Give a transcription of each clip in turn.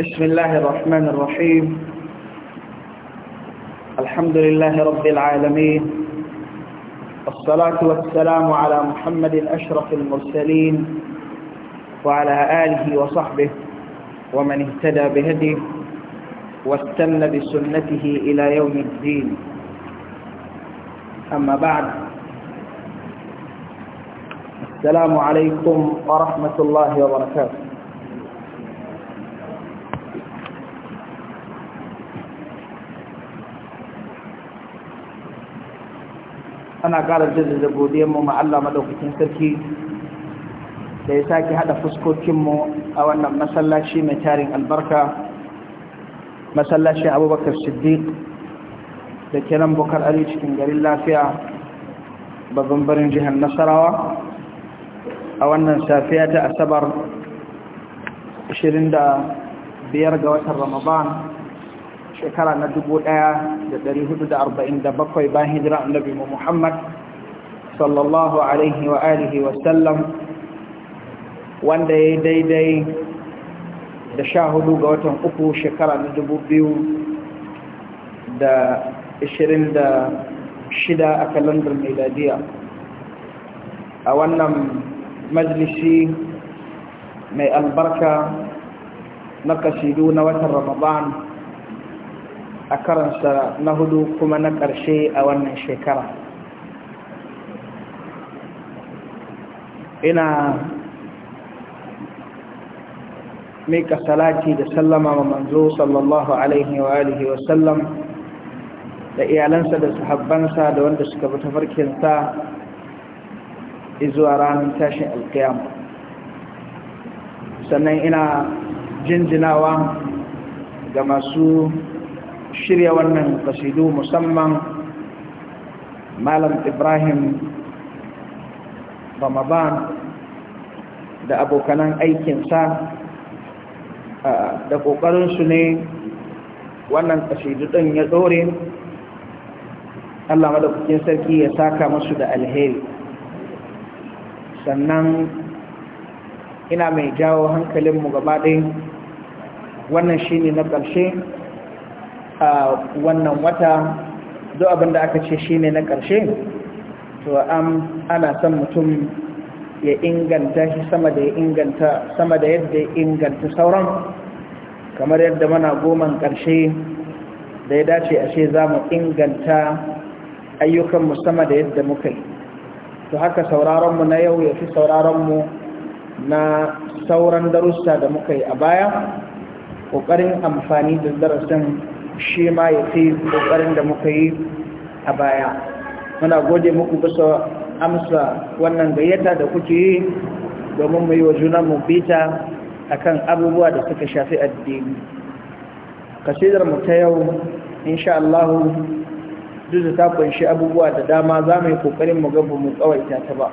بسم الله الرحمن الرحيم الحمد لله رب العالمين والصلاة والسلام على محمد الأشرف المرسلين وعلى آله وصحبه ومن اهتدى بهديه واستنى بسنته إلى يوم الدين أما بعد السلام عليكم ورحمة الله وبركاته ana ƙara da godiyarmu ma Allah madaukakin sarki da ya sake haɗa fuskokinmu a wannan masallaci mai tarin albarka masallaci abubakar siddiq da kiran bukar ali cikin garin lafiya babban birnin jihar nasarawa a wannan safiya ta asabar 25 ga watan ramadan shekara na dubu ɗaya da da hudu arba'in bakwai bayan hijira annabi Muhammad sallallahu alaihi wa alihi wa sallam wanda ya daidai da sha hudu ga watan uku shekara na dubu biyu da ishirin da shida a kalandar miladiya a wannan majalisi mai albarka na kasidu na watan ramadan a karansa na hudu kuma na ƙarshe a wannan shekara ina mika salati da sallama wa manzo sallallahu alaihi wa alihi wa sallam da iyalansa da sahabbansa da wanda suka bi tafarkinsa izuwa ranar tashin alkiyama sannan ina jinjinawa ga masu shirya wannan kasidu musamman malam ibrahim ramadan da abokanan aikinsa da ƙoƙarinsu ne wannan kasidu ɗin ya ɗore allah madaukakin sarki ya saka masu da alheri sannan ina mai jawo hankalinmu gaba ɗaya wannan shi ne na ƙarshe a wannan wata zo abin da aka ce shi ne na ƙarshe to am ana son mutum ya inganta shi sama da ya inganta sama da yadda ya inganta sauran kamar yadda mana goman ƙarshe da ya dace ashe za mu inganta ayyukanmu sama da yadda muka yi to haka sauraronmu na yau ya fi sauraronmu na sauran darussa da muka yi a baya ƙoƙarin amfani da darasin shi ma ya fi ƙoƙarin da muka yi a baya muna gode muku bisa amsa wannan gayyata da kuke yi domin mu yi wa mu bita kan abubuwa da suka shafi addini kasidar mu ta yau insha Allah duk ta kunshi abubuwa da dama za mu yi ƙoƙarin mu gaba mu tsawaita ta ba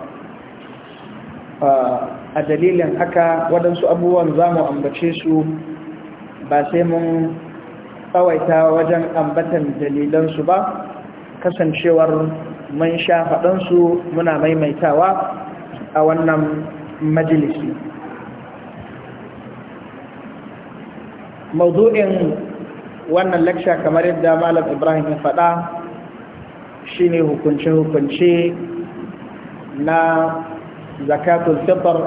a dalilin haka waɗansu abubuwan za mu ambace su ba sai mun tsawaita wajen ambatan dalilansu ba kasancewar mun sha muna maimaitawa a wannan majalisi mawdu'in wannan laksha kamar yadda malam ibrahim ya faɗa ne hukunce-hukunce na zakatun fitr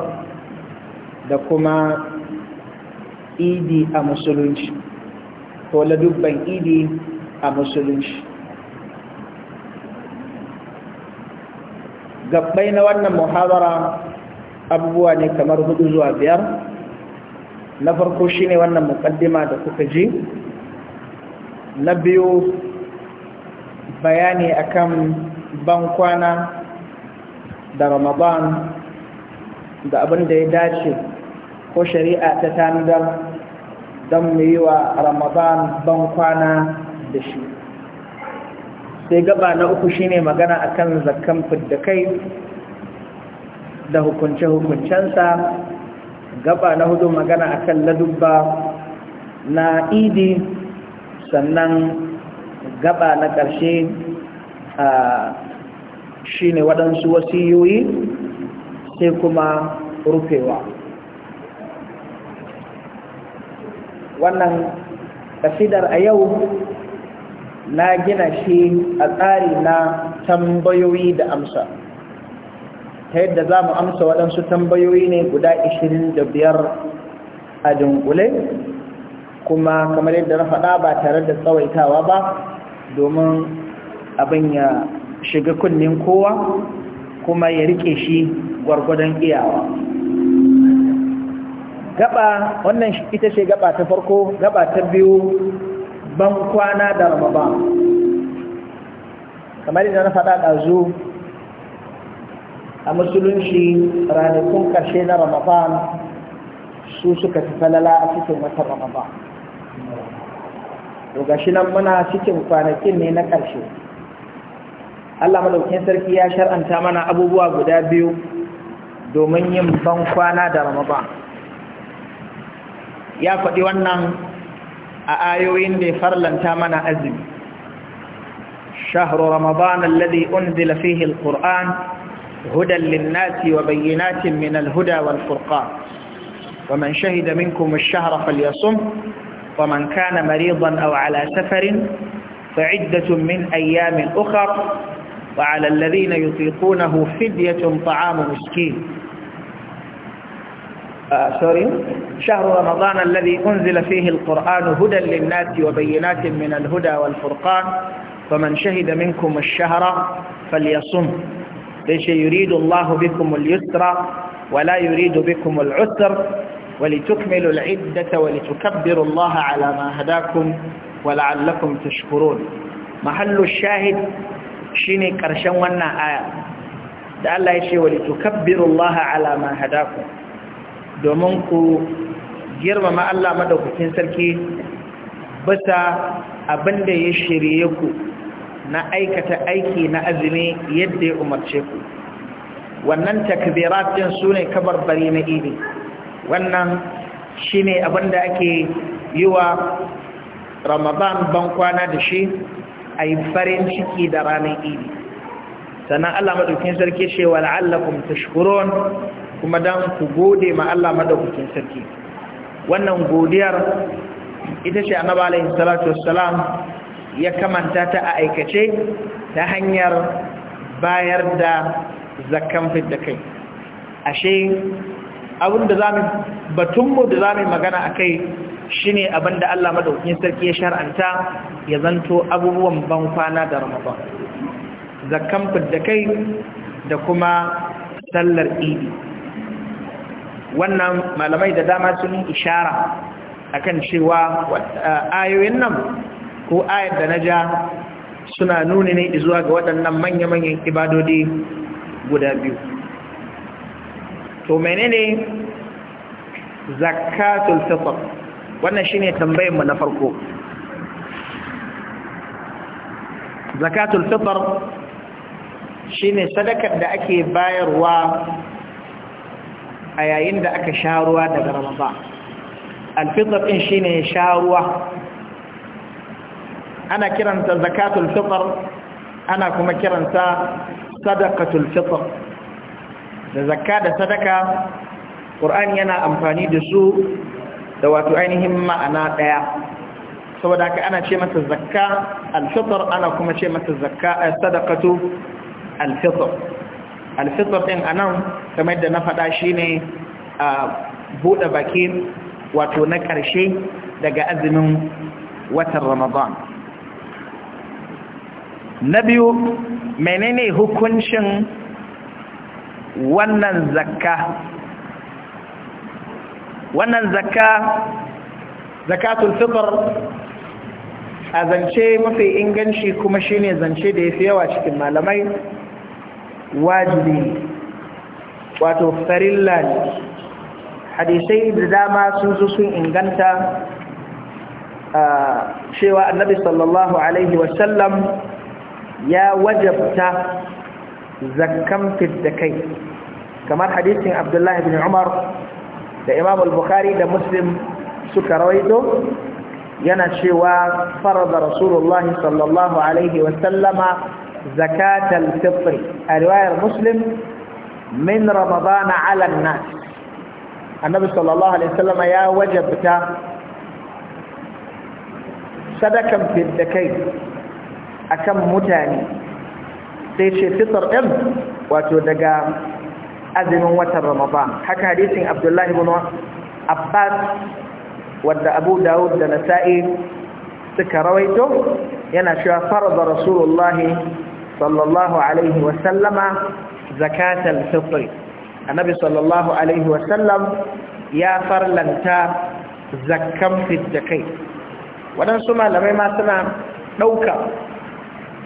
da kuma idi a musulunci ko dubban idi a musulunci gabbai na wannan muhabara abubuwa ne kamar hudu zuwa biyar na farko shi ne wannan mukaddima da kuka ji na biyu bayani akan bankwana da ramadan da abin da ya dace ko shari'a ta tanadar don mu yi wa ramadan ban kwana da shi sai gaba na uku shine magana akan zakkan fidda kai da hukunce-hukuncensa gaba na hudu magana akan ladubba na idi sannan gaba na ƙarshe shine waɗansu wasiyoyi sai kuma rufewa wannan kasidar a yau na gina shi a tsari na tambayoyi da amsa ta yadda za mu amsa waɗansu tambayoyi ne guda 25 a dunkule kuma kamar yadda na faɗa ba tare da tsawaitawa ba domin abin ya shiga kunnen kowa kuma ya rike shi gwargwadon iyawa gaba wannan ita ce gaba ta farko gaba ta biyu ban kwana da ramadan kamar yadda na faɗa ɗazu a musulunci ranakun ƙarshe na ramadan su suka fi falala a cikin watan ramadan to gashi nan muna cikin kwanakin ne na ƙarshe Allah madaukin sarki ya shar'anta mana abubuwa guda biyu domin yin ban kwana da ramaba. ya faɗi wannan a ayoyin da ya farlanta mana azumi shahru ramadan alladhi unzila fihi alquran hudan lin-nasi wa bayyinatin min al-huda wal-furqan faman shahida minkum ash-shahra falyasum faman kana maridan aw ala safarin فعدة من أيام أخر وعلى الذين يطيقونه فدية طعام مسكين سوري آه، شهر رمضان الذي أنزل فيه القرآن هدى للناس وبينات من الهدى والفرقان فمن شهد منكم الشهر فليصم ليش يريد الله بكم اليسر ولا يريد بكم العسر ولتكملوا العدة ولتكبروا الله على ما هداكم ولعلكم تشكرون محل الشاهد شيني كرشان ونا آية ده الله يشي ولتكبروا الله على ما هداكم domin ku girmama Allah madaukakin sarki bisa abin da ya shirye ku na aikata aiki na azumi yadda ya umarce ku wannan takbirat din sune bari na idi wannan shine abin da ake yi wa ramadan ban kwana da shi a yi farin ciki da ranar idi sannan allah maɗaukin sarki ce wa la'allakum tashkurun kuma don ku gode ma Allah madaukakin sarki wannan godiyar ita ce annabi alaihi salatu wassalam ya kamanta ta a aikace ta hanyar bayar da zakkan fidda kai ashe abinda zamu batunmu da zamu magana akai shine abinda Allah madaukakin sarki ya shar'anta ya zanto abubuwan ban kwana da Ramadan zakkan fidda kai da kuma sallar idi wannan malamai da dama sun ishara akan cewa uh, ayoyin nan ko ayar da na ja suna nuni ne zuwa ga waɗannan manya-manyan ibadodi guda biyu to menene zakatul fitr wannan shine tambayar mu na farko zakatul fitr shine sadakar da ake bayarwa a yayin da aka sha ruwa daga ramadan ɗin shi shine sha ruwa ana kiranta zakatul fitr ana kuma kiranta sadaqatul fitr da zakka da sadaka ƙur'ani yana amfani da su da wato ainihin ma'ana ɗaya saboda haka ana ce mata zakka al ana kuma ce mata zakka eh, sadaqatu al-fitr al-fitr kamar da na faɗa shi ne a buɗe baki wato na ƙarshe daga azumin watan ramadan na biyu menene hukuncin wannan zakka wannan zakka zakatul fitr a zance mafi inganci kuma shine zance da ya fi yawa cikin malamai wajibi wato farilla ne hadisai da dama sun zo sun inganta cewa annabi sallallahu alaihi wasallam ya wajabta zakkan fidda kai kamar hadisin abdullahi bin umar da imam al-bukhari da muslim suka rawaito yana cewa farada rasulullahi sallallahu alaihi wasallama zakatal fitri a riwayar muslim min ramadana ala nas annabi sallallahu alaihi wasallam ya wajabta sadakan fiddakai akan mutane sai ce fitar ɗin wato daga azumin watan ramadan haka hadisin abdullahi ibn abbas wadda abu Da'ud da nasa'i suka rawaito yana cewa farada rasulullahi sallallahu alaihi wasallama zakatal fitr annabi sallallahu alaihi wasallam ya farlanta zakkan fitakai waɗansu malamai ma suna ɗauka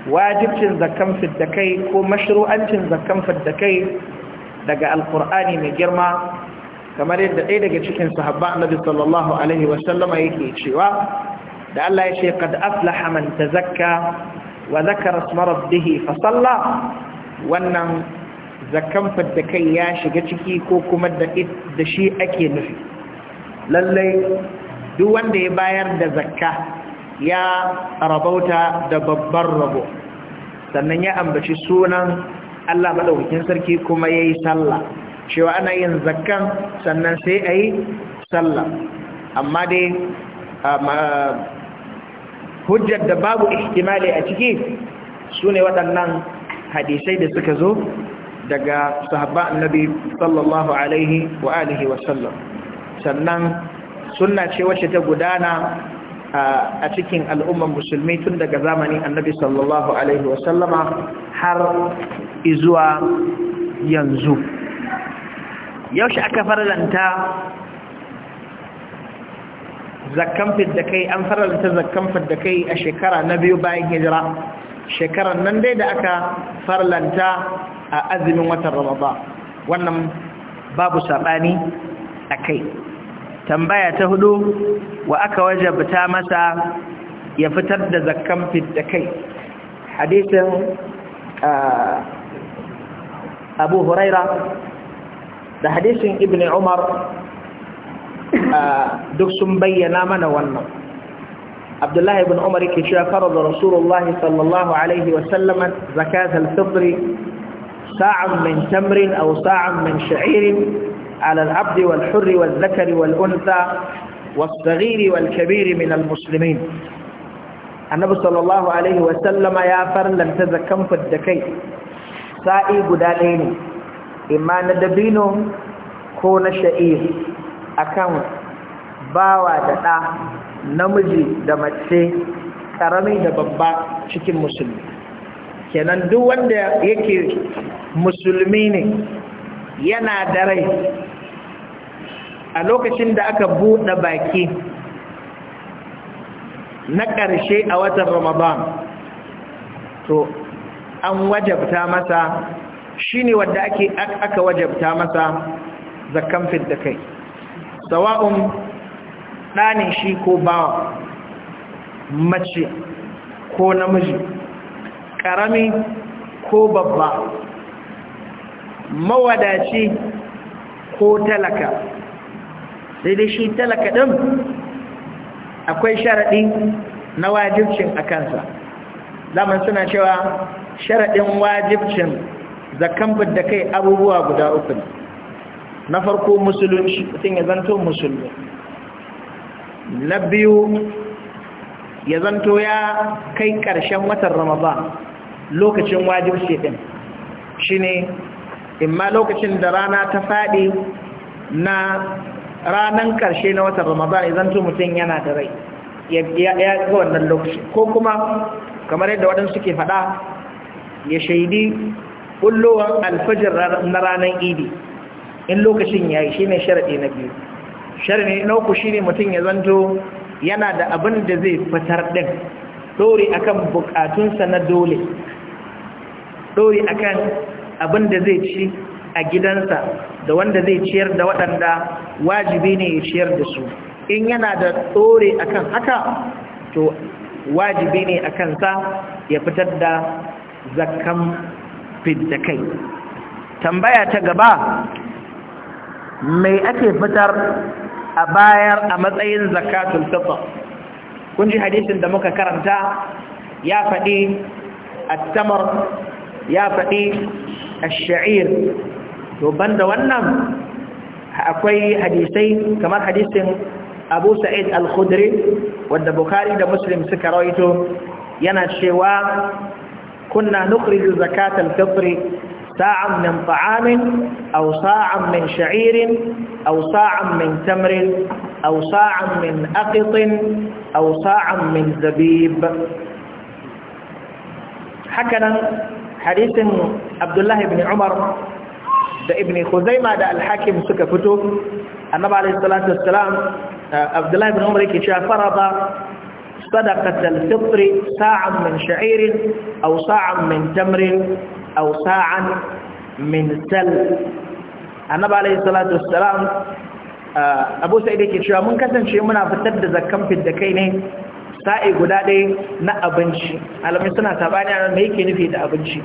wajibcin zakkan fitakai ko mashru'ancin zakkan fitakai daga alkur'ani mai girma kamar yadda ɗaya daga cikin sahabba annabi sallallahu alaihi wasallama yake cewa da Allah ya ce qad aflaha man tazakka wa dhakara isma rabbih fa salla wannan zakkan fadda kai ya shiga ciki ko kuma da shi ake nufi lallai duk wanda ya bayar da zakka ya rabauta da babbar rabo sannan ya ambaci sunan Allah madaukakin sarki kuma yayi sallah cewa ana yin zakkan sannan sai ayi sallah amma dai um, uh, hujjar da babu ihtimali a ciki sune waɗannan hadisai da suka zo daga sahabba annabi sallallahu alaihi wa alihi wa sallam sannan sunna ce wacce ta gudana a cikin al'umman musulmi tun daga zamanin annabi sallallahu alaihi wa sallama har izuwa yanzu yaushe aka farlanta zakkan da kai an farlanta zakkan da kai a shekara na biyu bayan hijira shekarar nan dai da aka farlanta a azumin watan ramadan wannan babu saɓani a kai tambaya ta hudu wa aka wajabta masa ya fitar da zakkan fidda kai hadisin abu huraira da hadisin ibn umar duk sun bayyana mana wannan abdullahi ibn umar yake cewa farada rasulullah sallallahu alaihi wasallam zakat al-fitr ساعا من تمر أو ساعا من شعير على العبد والحر والذكر والأنثى والصغير والكبير من المسلمين النبي صلى الله عليه وسلم يا فرلن تذكم في الدكي سائي قدالين إما ندبينو كون شعير أكون باوى دتا نمجي دمتسي karami da babba cikin musulmi kenan duk wanda yake musulmi ne yana da rai a lokacin da aka buɗe baki na ƙarshe a watan ramadan to an wajabta masa shi ne wadda aka wajabta masa zakan fidda kai sawa'un ɗanin shi ko bawa mace ko namiji ƙarami ko babba mawadaci ko talaka daidai shi talaka ɗin akwai sharaɗi na wajibcin a kansa zaman suna cewa sharaɗin wajibcin zakan da kai abubuwa guda uku na farko musulunci mutum ya zanto musulmi na biyu ya zanto ya kai ƙarshen watan ramadan lokacin wajib shekin shi ne imma lokacin da rana ta faɗi na ranan ƙarshe na watan ramadan ya zanto mutum yana da rai ya ga wannan lokaci ko kuma kamar yadda waɗansu ke faɗa ya shaidi ƙullowar alfajir na ranar idi in lokacin ya yi shi ne sharaɗi na biyu sharaɗi na uku shi ne mutum ya zanto yana da abin da zai fitar ɗin ɗori akan bukatunsa na dole ɗori akan abin da zai ci a gidansa da wanda zai ciyar da waɗanda wajibi ne ya ciyar da su in yana da ɗore akan haka to wajibi ne a kansa ya fitar da zakkan kai. tambaya ta gaba mai ake fitar a bayar a matsayin zakatul fitr kun ji hadisin da muka karanta ya faɗi at-tamar ya faɗi ash-sha'ir to banda wannan akwai hadisai kamar hadisin Abu Sa'id al-Khudri wanda Bukhari da Muslim suka rawaito yana cewa kunna nukhriju zakatul fitr ساعا من طعام أو ساعا من شعير أو ساعا من تمر أو ساعا من أقط أو ساعا من زبيب حكنا حديث عبد الله بن عمر ده ابن خزيمة ده الحاكم سكفته النبي عليه الصلاة والسلام آه، عبد الله بن عمر كي فرض صدقة الفطر ساعا من شعير أو ساعا من تمر aw sa'an min sal annabi alayhi salatu wassalam abu sa'id yake cewa mun kasance muna fitar da zakkan fidda kai ne sa'i guda ɗaya na abinci alamai suna sabani a me yake nufi da abinci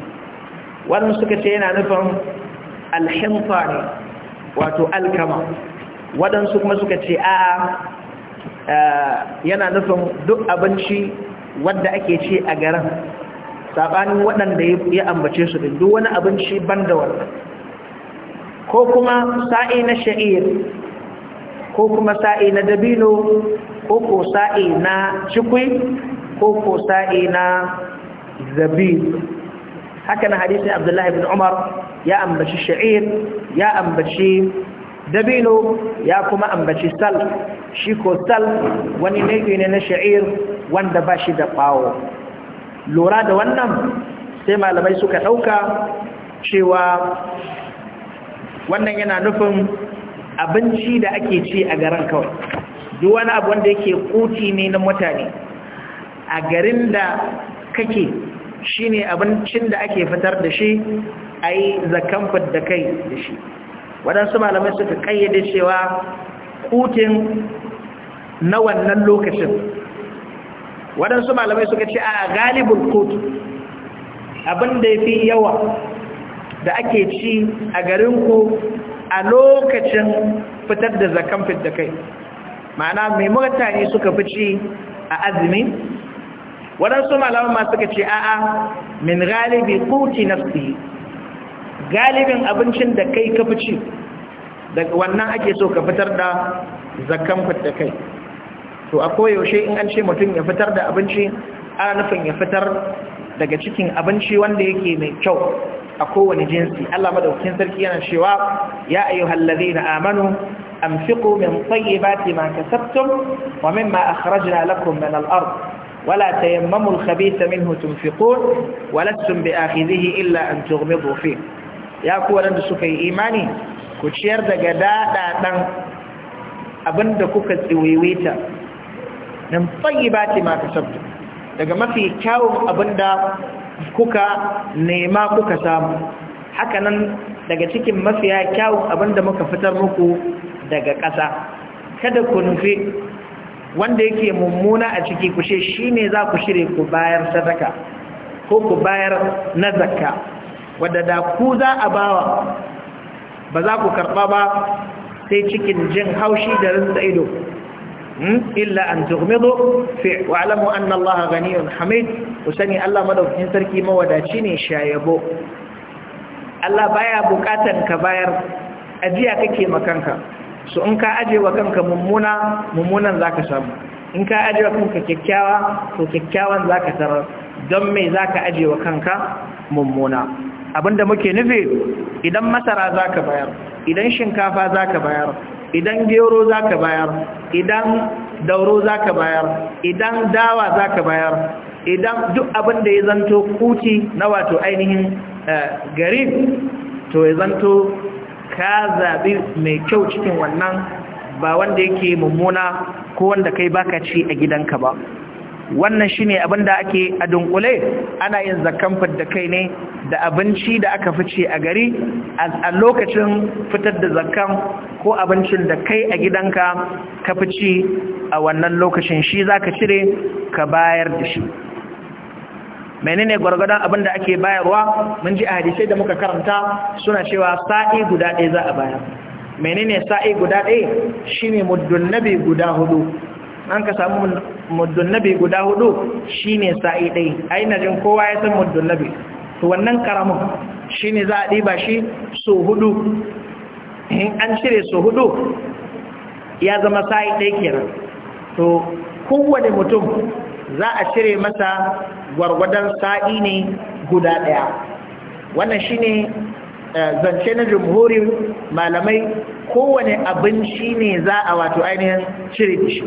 wannan suka ce yana nufin alhimfa ne wato alkama waɗansu kuma suka ce a'a yana nufin duk abinci wadda ake ce a garin sabanin waɗanda ya ambace su din duk wani abinci da wannan ko kuma sa'i na sha'ir ko kuma sa'i na dabino ko ko sa'i na cikwi ko ko sa'i na zabibu haka na hadisin abdullahi bin umar ya ambaci sha'ir ya ambaci dabino ya kuma ambaci sal shi ko sal wani nau'i ne na sha'ir wanda ba shi da ɓawo lura da wannan sai malamai suka ɗauka cewa wannan yana nufin abinci da ake ci a garin kawai duk wani abu wanda yake kuti ne na mutane a garin da kake shine abincin da ake fitar da shi a yi zakan da kai da shi waɗansu malamai suka ƙayyade cewa kutin na wannan lokacin waɗansu malamai suka ce a galibin kotu abinda ya fi yawa da ake ci a garinku a lokacin fitar da zakan fidda kai ma'ana mai mutane suka fi ci a azumi waɗansu malamai ma suka ce a'a min galibi kuti nafsi galibin abincin da kai ka fi ci daga wannan ake so ka fitar da zakan fidda kai to a koyaushe in an ce mutum ya fitar da abinci ana nufin ya fitar daga cikin abinci wanda yake mai kyau a kowane jinsi Allah madaukakin sarki yana cewa ya ayyuhal ladina amanu anfiqu min tayyibati ma kasabtum wa mimma akhrajna lakum min al-ard ولا تيمموا الخبيث منه تنفقون ولستم بآخذه إلا أن تغمضوا فيه يا imani ku ciyar daga دقداء دان kuka الزويويتا min tayyibati ma sabtu daga mafi kyawun abinda kuka nema kuka samu hakanan daga cikin mafiya kyawun abinda muka fitar muku daga ƙasa kada ku nufi wanda yake mummuna a ciki kushe shi ne za ku shirin ku bayar sadaka ko ku bayar na zakka wadda da ku za a bawa ba za ku karɓa ba sai cikin jin haushi da rinsa ido Hmm? illa an tughmidu fi wa alamu anna Allah ghaniyun hamid usani Allah madaukakin sarki mawadaci ne shayabo Allah baya bukatan ka bayar ajiya kake makanka so in ka aje kanka mummuna mummunan zaka samu in ka aje kanka kyakkyawa to kyakkyawan tarar don me kanka mummuna abinda muke nufi idan masara zaka bayar idan shinkafa zaka bayar idan gero za ka bayar idan dauro za ka bayar idan dawa za ka bayar idan duk abin da ya zanto kuti na wato ainihin eh, gari to ya zanto ka zaɓi mai kyau cikin wannan ba wanda yake mummuna ko wanda kai baka ci a gidanka ba wannan shine abin da ake a dunkule ana yin zakkan da kai ne da abinci da aka fice a gari a lokacin fitar da zakkan ko abincin da kai a gidanka ka fice a wannan lokacin shi za ka cire ka bayar da shi menene gwargwadon abin da ake bayarwa mun ji a hadisai da muka karanta suna cewa sa'i guda ɗaya za a bayar menene sa'i guda ɗaya shine muddun nabi guda hudu an ka samu muddunabi guda hudu shine sa'i ɗai aina jin kowa ya san muddunabi to wannan karamin ne za a diba shi so hudu in an cire so hudu ya zama sa'i ke kenan to kowane mutum za a cire masa gwargwadon sa'i ne guda ɗaya? wannan shi ne eh, zance na jumhurin malamai kowane shi ne za a wato ainihin cire shi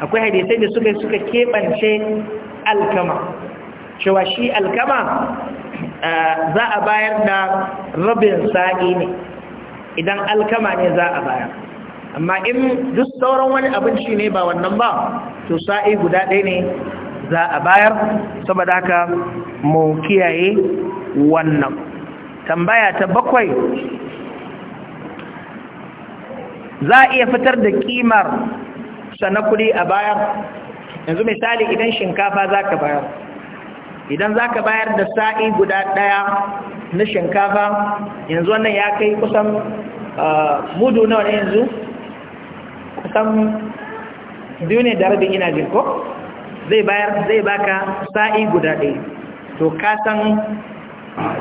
akwai hadisai da suka suka keɓance alkama cewa shi alkama eh, za a bayar da rabin sa'i ne idan alkama ne za a bayar amma in duk sauran wani abinci ne ba wannan ba to sa'i guda ɗaya ne za a bayar saboda haka mu kiyaye wannan tambaya ta bakwai za a iya fitar da kimar sannan kuɗi a bayar yanzu misali idan shinkafa za ka bayar idan za ka bayar da sa'i guda ɗaya na shinkafa yanzu wannan ya kai kusan mudu nawa ne yanzu kusan biyu ne da rabin ina jinko, zai bayar zai baka sa'i guda ɗaya to ka san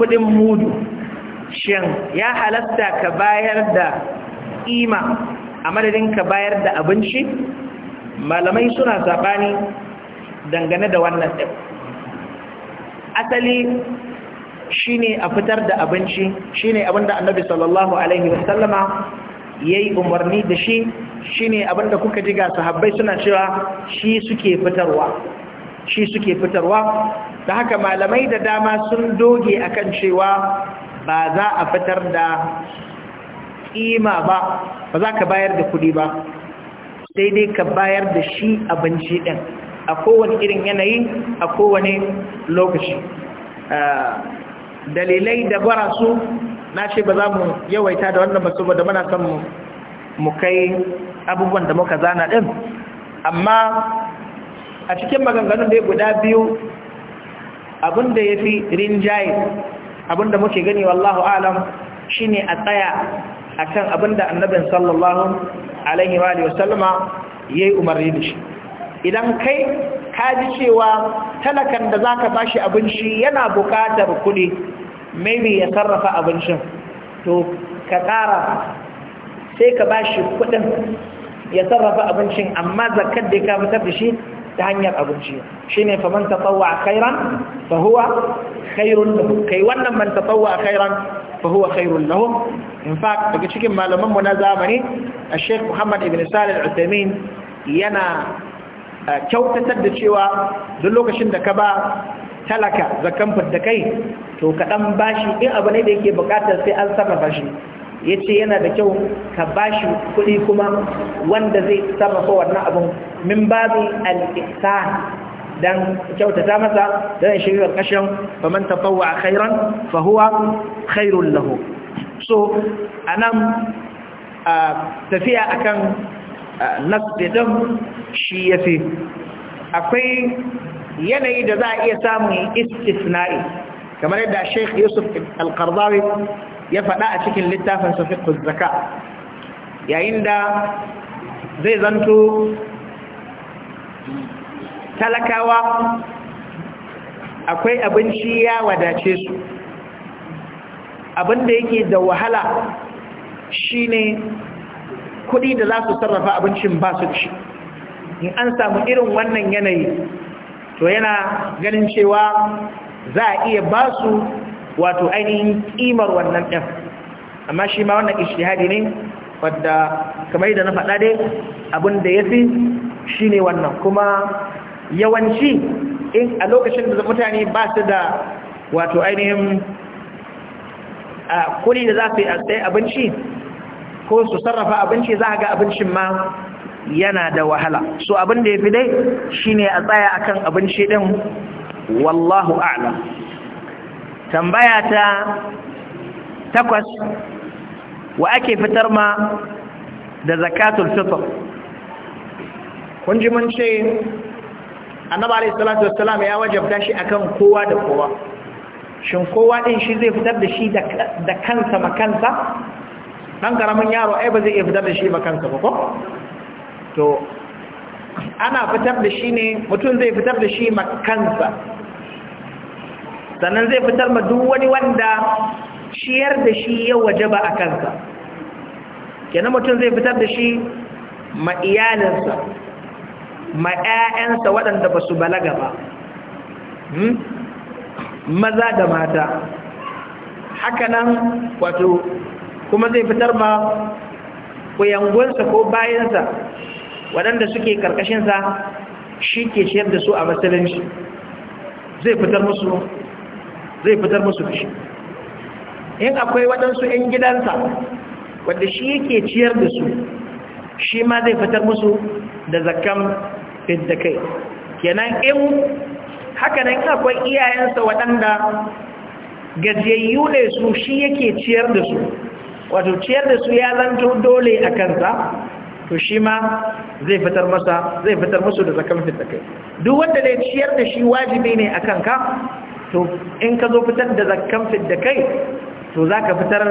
kuɗin mudu shin ya halasta ka bayar da ƙima a madadin ka bayar da abinci malamai suna saɓani dangane da wannan ɗin asali shi ne a fitar da abinci shi ne abinda annabi sallallahu alaihi wasallama ya yi umarni da shi shi ne abinda kuka ji ga sahabbai suna cewa shi suke fitarwa shi suke fitarwa da haka malamai da dama sun doge akan cewa ba za a fitar da kima ba ba za ka bayar da kuɗi ba Daidai ka bayar da shi abinci ɗin a kowane irin yanayi a kowane lokaci dalilai da bara su na ce ba za mu yawaita da wannan masu da muna son mu kai abubuwan da muka zana ɗin amma a cikin maganganun da guda biyu abinda ya fi rinjaye abinda muke gani wallahu alam ne a tsaya akan abinda annabin sallallahu alaihi wa sallama ya yi umarni da shi idan kai ka ji cewa talakan da za ka bashi abinci yana bukatar kuɗi maybe ya sarrafa abincin to ka kara sai ka bashi kuɗin ya sarrafa abincin amma zakar da ka fitar da shi ta hanyar abinci shine fa man a khairan fa huwa khairun lahu kai wannan man a khairan fa huwa khairun lahu in fact daga cikin malaman mu na zamani Sheikh Muhammad Ibn Salih Al-Uthaymeen yana kyautatar da cewa duk lokacin da ka ba talaka zakan fidda kai to kaɗan bashi in abu ne da yake bukatar sai an sarrafa shi ya ce yana da kyau ka ba shi kuɗi kuma wanda zai sarrafa wannan abin min babi al'ihsan don kyautata masa don shirya ƙashin ba man tafawa a khairan fahuwa khairun lahu so a nan tafiya akan nasbidin shi ya fi akwai yanayi da za a iya samun istisna'i kamar yadda sheikh yusuf al ya faɗa a cikin littafin sufiqul zaka yayin da zai zanto talakawa akwai abinci ya wadace su abinda yake da wahala shine kuɗi da za su sarrafa abincin ba su ci in an samu irin wannan yanayi to yana ganin cewa za a iya ba su wato ainihin kimar wannan ɗin amma shi ma wannan ishtihadi ne wadda kamar da na faɗa dai abin da ya fi shi ne wannan kuma yawanci in a lokacin da mutane ba su da wato ainihin a kuri da za su yi a tsaye abinci ko su sarrafa abinci za a ga abincin ma yana da wahala so abin da ya fi dai shi ne a tsaya akan abinci ɗin wallahu a'lam tambaya ta takwas wa ake fitar ma da zakatul fitr kun ji mun ce annabi alayhi salatu wassalam ya wajabta shi akan kowa da kowa shin kowa din shi zai fitar da shi da kansa makansa dan karamin yaro ai ba zai iya fitar da shi makansa ba ko to ana fitar da shi ne mutum zai fitar da shi makansa sannan zai fitar ma duk wani wanda shiyar da shi ya waje ba a kansa kenan mutum zai fitar da shi ma iyalinsa ma 'ya'yansa waɗanda ba su balaga ba hmm? maza da mata hakanan wato kuma zai fitar ma kuyangunsa ko bayansa waɗanda suke ƙarƙashinsa shi ke ciyar da su a shi zai fitar musu zai fitar musu da shi in akwai waɗansu 'yan gidansa wadda shi yake ciyar da su shi ma zai fitar musu da zakam fidda kai kenan in hakanan akwai iyayensa waɗanda gajiyayyu ne su shi yake ciyar da su wato ciyar da su ya zanto dole a kansa to shi ma zai fitar musu da zakan kai. duk wanda dai ciyar da shi wajibi ne a kanka to in ka zo fitar da zakkan fidda kai to za ka fitar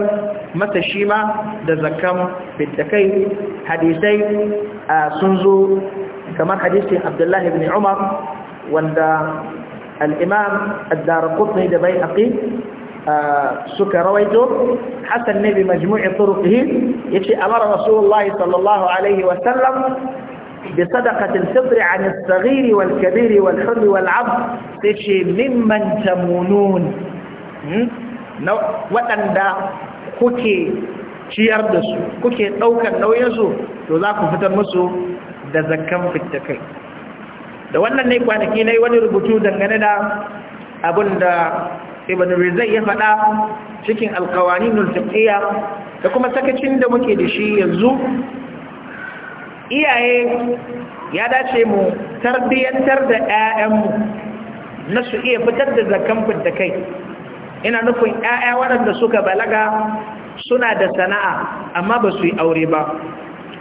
masa shi ma da zakkan fidda kai hadisai sun zo kamar hadisin abdullahi ibn umar wanda al'imam al ne da bai aƙi suka rawaito hassan ne bi majmu'i turuqihi yace amara rasulullahi sallallahu alaihi wa بصدقة الفطر عن الصغير والكبير والحر والعبد تشي ممن تمنون hmm? waɗanda kuke ciyar da su kuke ɗaukar nauyinsu to za ku fitar musu da zakkan fitakai da wannan ne kwanaki na wani rubutu dangane da abin da ibn rizai ya faɗa cikin alkawani nulfiƙiya da kuma sakacin da muke da shi yanzu iyaye ya dace mu tarbiyyantar da 'ya'yanmu na su iya fitar da zakan da kai ina nufin 'ya'ya waɗanda suka balaga suna da sana'a amma ba su yi aure ba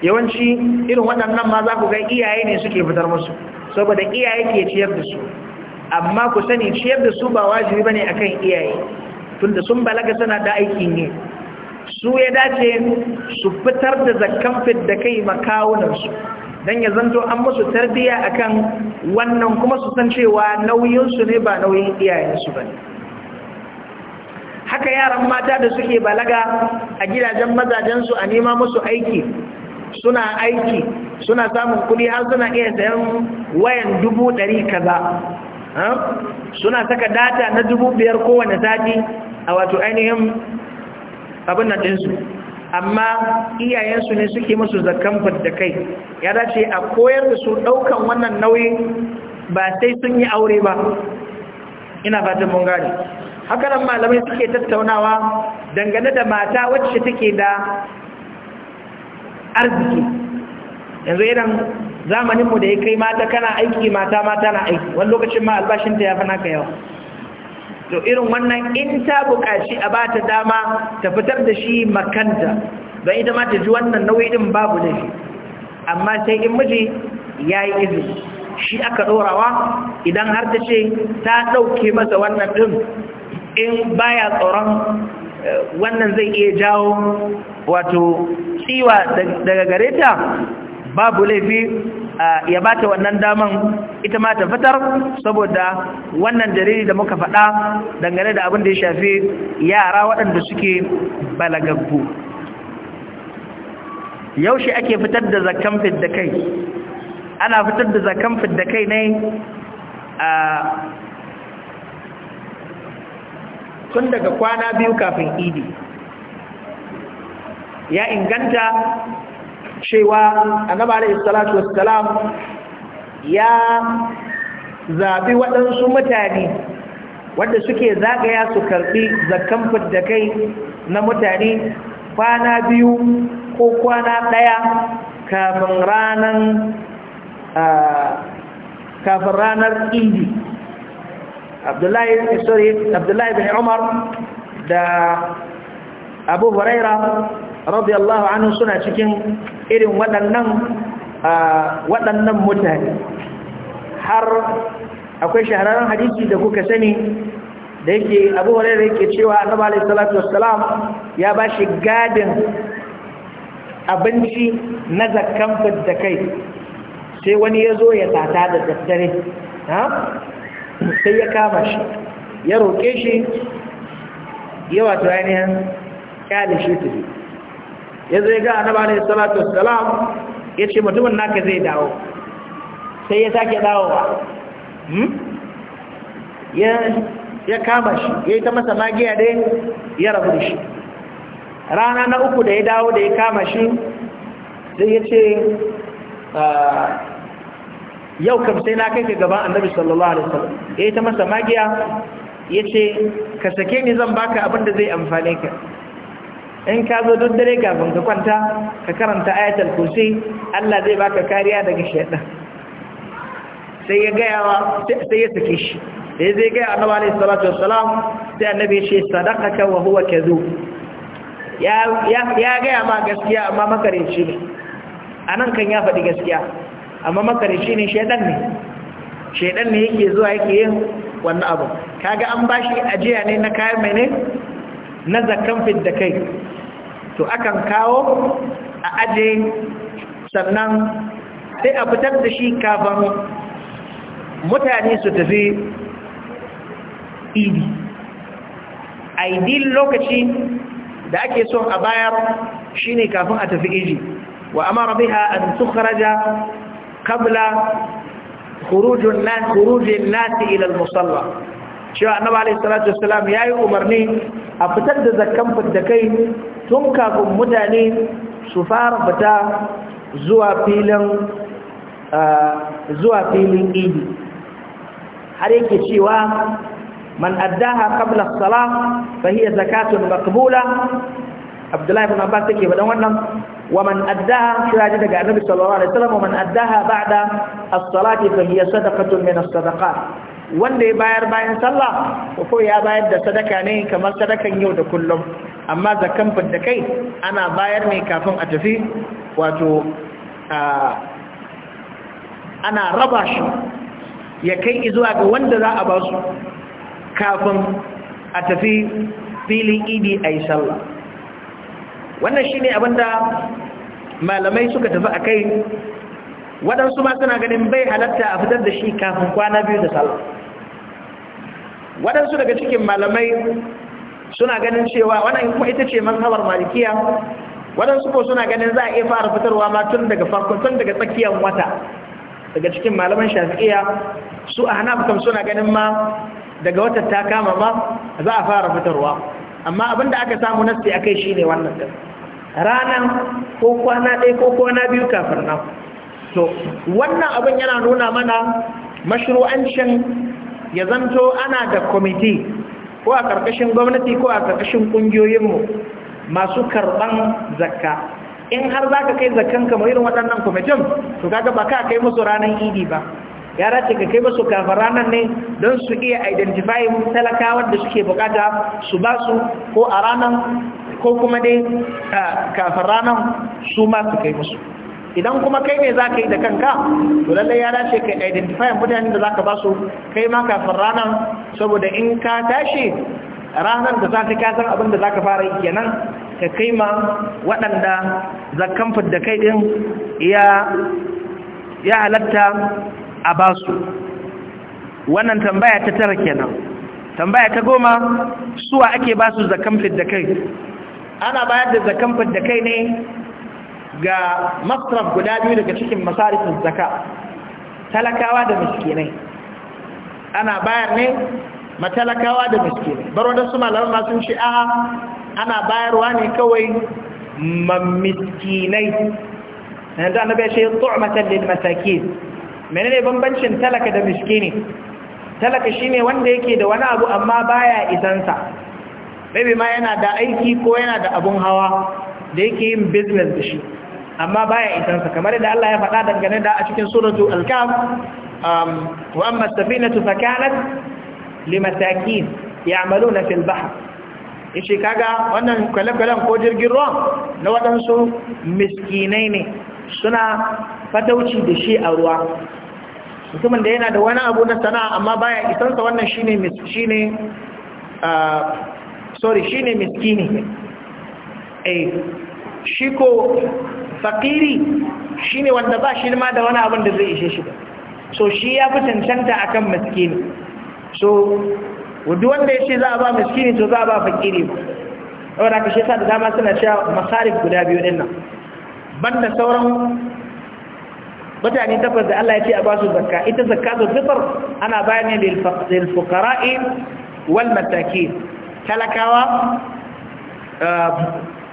yawanci irin waɗannan ma za ku ga iyaye ne suke fitar musu saboda iyaye ke ciyar da su amma ku sani ciyar da su ba wajibi ba bane akan iyaye tunda sun balaga suna da aikin yi su ya dace su fitar da zakkan da kai makawunansu don ya zanto an musu tarbiya akan wannan kuma su san cewa nauyinsu ne ba nauyin iyayensu ba haka yaran mata da suke balaga a gidajen mazajensu a nema musu aiki suna aiki suna samun kudi har suna iya sayan wayan dubu ɗari kaza suna saka data na dubu biyar kowane sati a wato ainihin abin nan ɗinsu amma iyayensu ne suke masu zakan da kai ya dace a koyar da su ɗaukan wannan nauyi ba sai sun yi aure ba ina fatan mun gane haka nan malamai suke tattaunawa dangane da mata wacce take da arziki yanzu idan zamaninmu da ya kai mata kana aiki mata mata na aiki wani lokacin ma albashinta ya fi naka yawa to irin wannan in ta buƙaci a ba ta dama ta fitar da shi makanta don ita ma ta ji wannan nauyi din babu da amma sai in miji ya yi izini shi aka ɗorawa idan har ta ce ta ɗauke masa wannan ɗin in baya tsoron eh, wannan zai iya jawo wato tsiwa daga gare ta babu laifi ya ba ta wannan daman ita ma ta fitar saboda wannan dalili da muka faɗa dangane da abin da ya shafi yara waɗanda suke balagaggu yaushe ake fitar da zakan fidda kai ana fitar da zakan fidda kai ne a tun daga kwana biyu kafin idi ya inganta cewa annabi alaihi salatu wassalam ya zabi waɗansu mutane wanda suke zagaya su karbi zakkan fidda kai na mutane kwana biyu ko kwana ɗaya kafin ranar kafin ranar idi abdullahi bin umar da abu huraira radiyallahu anhu suna cikin irin waɗannan waɗannan mutane har akwai shahararren hadisi da kuka sani da yake abu hurairu yake cewa annabi alaihi salatu wassalam ya bashi gadin abinci na zakkan da kai sai wani ya zo ya tata da daddare sai ya kama shi ya roƙe shi yawa ta ainihin ƙyale ya zai ga annaba ne salatu Salam ya ce mutumin naka zai dawo sai ya sake dawowa hmm? ya kama shi ya yi ta masa magiya dai ya rabu shi rana na uku da ya dawo da ya kama shi sai ya ce ah, yau kam sai na kai ka gaban annabi sallallahu alaihi wasallam yayi ta masa magiya yace ka sake ni zan baka abin da zai amfane ka in ka zo duk dare kafin ka kwanta ka karanta ayatul kursi Allah zai baka kariya daga shaytan sai ya gaya wa sai ya saki shi sai zai gaya annabi alaihi salatu sai annabi shi ce sadaqaka wa huwa kadhub ya ya gaya ma gaskiya amma makareci ne anan kan ya faɗi gaskiya amma makareci ne shaytan ne shaytan ne yake zuwa yake yin wannan abu kaga an bashi ajiya ne na kayan mai ne na zakan fidda kai to akan kawo a aje sannan sai a fitar da shi kafin mutane su tafi idi idil lokaci da ake son a bayar shine kafin a tafi idi wa amara biha an tukhraja qabla khurujin nasi ila al-musalla cewa annabi alaihi salatu wassalam yayi umarni a fitar da zakkan fitta kai tun kafin mutane su fara fita zuwa filin zuwa filin idi har yake cewa man addaha qabla as-salah fa hiya zakatun maqbula Abdullahi ibn Abbas take faɗan wannan wa man addaha shiraji daga Annabi sallallahu alaihi wasallam wa man addaha ba'da as-salati fa hiya sadaqatun min as-sadaqat wanda ya bayar bayan sallah ko ya bayar da sadaka ne kamar sadakan yau da kullum amma zakan da kai ana bayar ne kafin a tafi wato ana raba shi ya kai izuwa ga wanda za a ba su kafin a tafi filin idi a yi sallah wannan shi ne abinda malamai suka tafi a kai waɗansu ma suna ganin bai halatta a fitar da shi kafin kwana biyu da sallah waɗansu daga cikin malamai suna ganin cewa wannan kuma ita ce mazhabar malikiya waɗansu ko suna ganin za a iya fara fitarwa ma tun daga farkon tun daga tsakiyar wata daga cikin malaman shafi'iya su a hana kam suna ganin ma daga wata ta kama ma za a fara fitarwa amma abin da aka samu nasti akai shine wannan din ranan ko kwana ɗaya ko kwana biyu kafin nan to wannan abin yana nuna mana mashru'ancin ya zanto ana da kwamiti ko a ƙarƙashin gwamnati ko a ƙarƙashin ƙungiyoyinmu masu karɓan zakka in har za ka kai zakkan kamar irin waɗannan kwamitin to kaga ba ka kai musu ranar idi ba ya race ka kai musu kafin ranar ne don su iya identify talakawa da suke bukata su ba su ko a ranar ko kuma dai ah, kafin ranar su ma su kai musu idan kuma kai ne za ka yi da kanka to lallai ya dace ka identify mutanen da za ka ba su kai ma kafin ranar saboda in ka tashi ranar da safi ka san abin da za ka fara yi kenan ka kai ma waɗanda zakan fidda kai ɗin ya halatta a ba su wannan tambaya ta tara kenan tambaya ta goma suwa ake ba su zakan fidda kai ana bayar da zakan da kai ne ga masraf guda biyu daga cikin masarifin zaka talakawa da miskinai ana bayar ne matalakawa da miskinai bar da su malaman masu sun ana bayarwa ne kawai miskinai yanzu annabi bai ce tu'matan lil masakin menene bambancin talaka da miskini talaka shine wanda yake da wani abu amma baya isansa maybe ma yana da aiki ko yana da abun hawa da yake yin business da shi amma baya isansa kamar yadda Allah ya faɗa dangane da a cikin suratu al-kahf um, wa amma as-safinatu fa kanat limasakin ya'maluna fil bahr ishi kaga wannan kwale ko jirgin ruwa na wadansu miskinai ne suna fatauci da shi a ruwa mutumin da yana da wani abu na sana'a amma baya isansa wannan shine miskine uh, sorry shine miskini eh shi ko fakiri shi ne wanda ba shi ma da wani abin da zai ishe shi so shi ya fi cancanta a kan maskini so wadda wanda ya ce za a ba maskini to za a ba fakiri ba wadda da shi sa da dama suna cewa masarif guda biyu ɗin nan banda sauran mutane tabbas da Allah ya ce a ba su zakka ita zakka fitar ana ne da fuqara'i wal matakin talakawa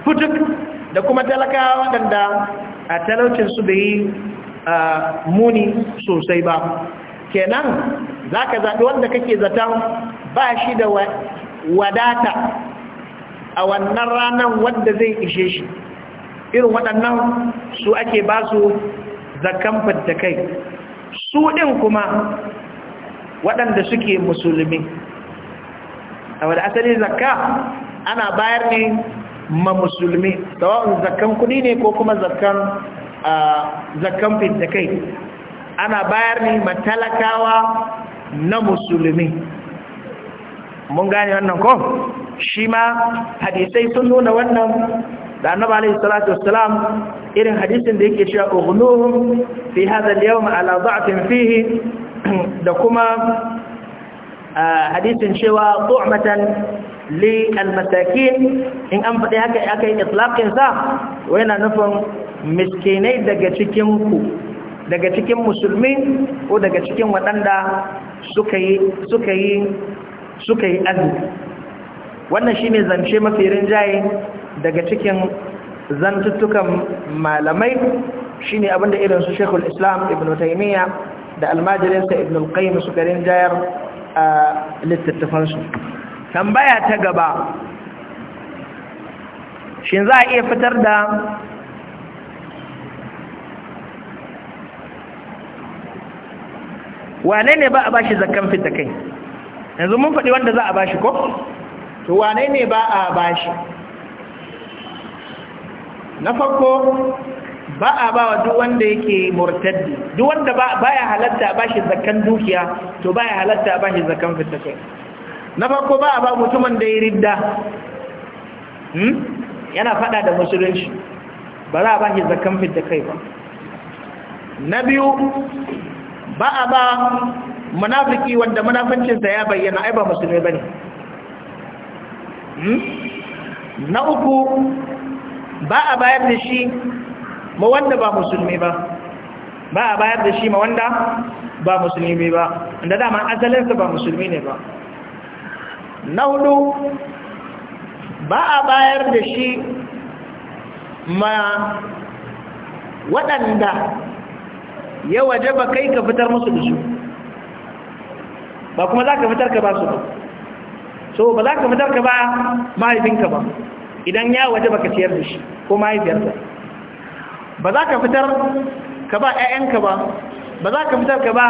fituk eh, da kuma talakawa waɗanda a talaucin su bai yi muni sosai ba kenan za ka zaɓi wanda kake zaton ba shi da wadata a wannan ranar wanda zai ishe shi irin waɗannan su ake ba su zakan fadda kai su ɗin kuma waɗanda suke musulmi a wadda asali zakka ana bayar ne ma musulmi sawa'un zakkan kudi ne ko kuma zakkan zakkan fitakai ana bayar ne matalakawa na musulmi mun gane wannan ko shi ma hadisai sun nuna wannan da annaba alaihi salatu wassalam irin hadisin da yake cewa ughnuhum fi hadha al-yawm ala da'fin fihi da kuma hadisin cewa tu'matan li almasakin in an faɗi haka aka yi itlaqin sa yana nufin miskinai daga cikin ku daga cikin musulmi ko daga cikin waɗanda suka yi suka yi suka yi azumi wannan shine zance mafi rinjaye daga cikin zantuttukan malamai shine abinda irin su Sheikhul Islam Ibn Taymiyyah da almajirinsa Ibn al-Qayyim suka jayar a littattafansu tambaya ta gaba shin za a iya fitar da wane ne ba a bashi zakan fita kai yanzu mun faɗi wanda za a bashi ko to wane ne ba a bashi na farko ba a ba wa duk wanda yake murtaddi duk wanda ba ya halatta a bashi zakan dukiya to ba ya halatta a bashi zakan fita kai na farko ba a ba mutumin da ya ridda hmm? yana fada da musulunci ba za a ba shi zakan fidda kai ba na biyu ba a ba munafiki wanda munafincinsa ya bayyana ai ba musulmi ba ne hmm? na uku ba a bayar da shi ma wanda ba musulmi ba ba a bayar da shi ma wanda ba musulmi ba wanda dama asalinsa ba musulmi ne ba na hudu ba a bayar da shi ma waɗanda ya waje ba kai ka fitar musu da su ba kuma za ka fitar ka ba su ba so ba za ka fitar ka ba mahaifinka ba idan ya waje ba ka ciyar da shi ko mahaifiyarsa ba za ka fitar ka ba 'ya'yanka ba ba za ka fitar ka ba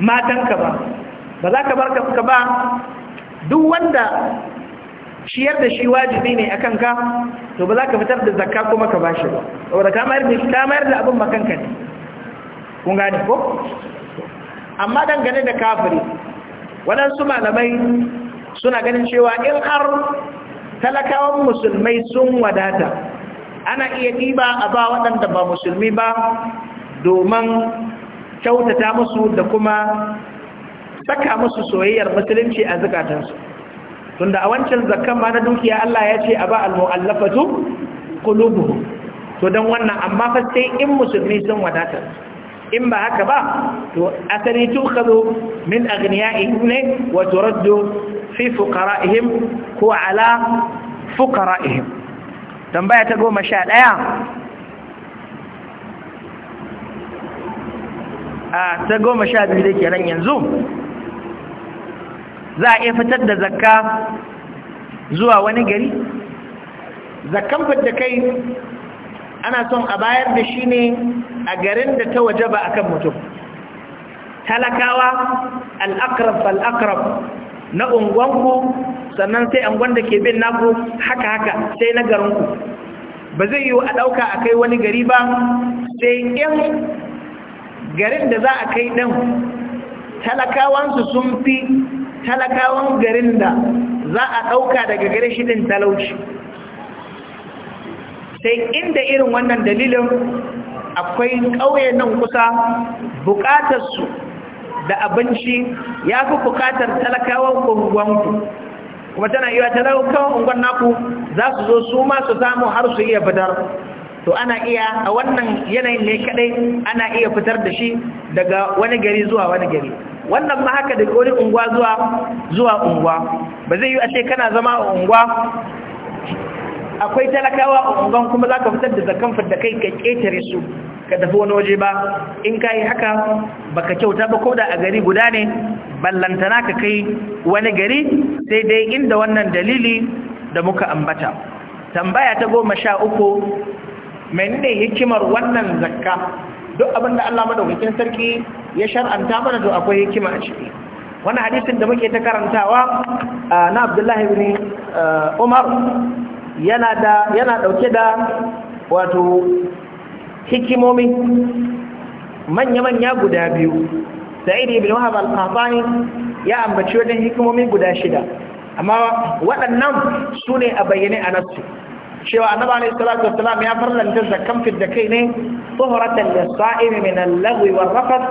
matanka ba ba za ka bar ka ba duk wanda ciyar da shi wajibi ne a kanka to ba za ka fitar da zakka kuma ka bashi ba saboda ka mayar da ta mayar da abin makanka ne kun gane ko amma dangane da kafiri waɗansu malamai suna ganin cewa in har talakawan musulmai sun wadata ana iya ɗiba a ba waɗanda ba musulmi ba domin kyautata musu da kuma saka musu soyayyar musulunci a zukatansu tunda a wancan zakkan ma na dukiya Allah ya ce a ba al-mu'allafatu qulubuhum to dan wannan amma fa sai in musulmi sun wadata in ba haka ba to asali tukhadhu min aghniyaihim ne wa turaddu fi fuqara'ihim ko ala fuqara'ihim tambaya ta goma sha ɗaya a ah, ta goma sha biyu da nan yanzu za a iya fitar da zakka zuwa wani gari zakkan fadda kai ana son a bayar da shi ne a garin da ta waje ba akan mutum talakawa al'akrab al'akrab na unguwanku sannan sai angon da ke bin naku haka haka sai na garinku ba zai yiwu a ɗauka a kai wani gari ba sai yin garin da za a kai ɗin talakawansu sun fi talakawan garin da za a ɗauka daga gare shi ɗin talauci sai inda irin wannan dalilin akwai ƙauye nan kusa buƙatarsu da abinci ya fi buƙatar talakawan unguwanku kuma tana iya talakawan unguwan naku za su zo su ma su samu har su iya fitar to ana iya a wannan yanayin ne kaɗai ana iya fitar da shi daga wani gari zuwa wani gari wannan ma haka daga wani unguwa zuwa zuwa unguwa ba zai yi a kana zama a unguwa akwai talakawa a unguwan kuma za ka fitar da zakan fadda kai ka ƙetare su ka tafi wani waje ba in ka yi haka ba ka kyauta ba ko da a gari guda ne ballantana ka kai wani gari sai dai inda wannan dalili da muka ambata tambaya ta goma sha uku menene hikimar wannan zakka duk abinda Allah madaukakin sarki ya shar'anta mana to akwai hikima a ciki wannan hadisin da muke ta karantawa na Abdullah ibn Umar yana da yana dauke da wato hikimomi manya-manya guda biyu Sa'id ibn Wahab al-Qahtani ya ambaci wajen hikimomi guda shida amma waɗannan su ne a bayyane a nasu cewa annabi alaihi salatu wassalam ya farlanta zakkan fit da kai ne tuhratan lis-sa'imi min al-lahwi war-rafath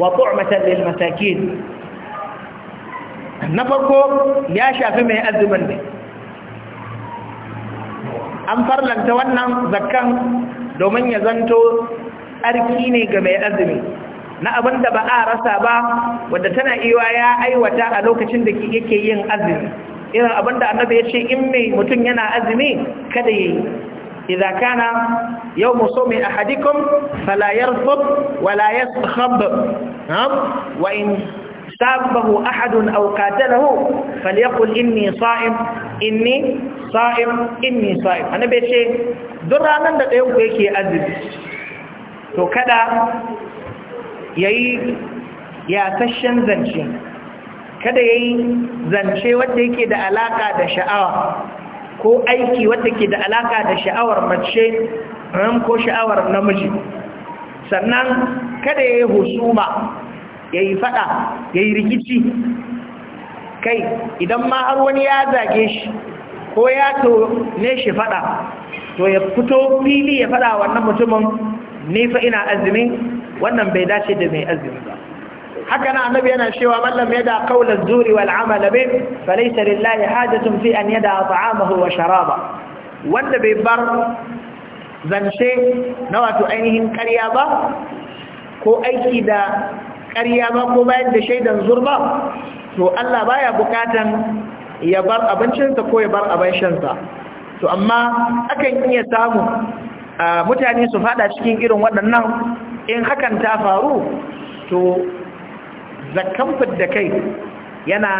wa tu'matan lil-masakin na farko ya shafi mai azumin ne an farlanta wannan zakkan domin ya zanto tsarki ne ga mai azumi na abin da ba a rasa ba wadda tana iya ya aiwata a lokacin da yake yin azumi irin abinda annabi ya ce in mai mutum yana azumi kada yi idza kana yawmu sawmi ahadikum fala yarfud wala yaskhab wa in sabahu ahadun aw qatalahu falyaqul inni sa'im inni sa'im inni sa'im annabi ya ce duk ranar da ɗayan ku yake azumi to kada yayi ya tashin zance kada ya yi zance wadda yake da alaka da sha'awa ko aiki wadda ke da alaka da sha'awar mace um, ko sha'awar namiji sannan kada ya yi husuma ya yi fada ya yi rikici kai idan ma har wani ya zage shi ko ya to ne shi fada to ya fito fili ya fada wannan mutumin nifa ina azumin wannan bai dace da mai azumi ba haka na annabi yana cewa mallam ya da kaular zuri wal amal bi falaysa lillahi hajatun fi an yada ta'amahu wa sharaba wanda bai bar zance na wato ainihin ƙarya ba ko aiki da ƙarya ba ko bayan da shaidan zurba to Allah baya bukatan ya bar abincinsa ko ya bar abincinsa to amma akan iya samu ah, mutane su fada cikin irin waɗannan in hakan ta faru to zakkan da kai yana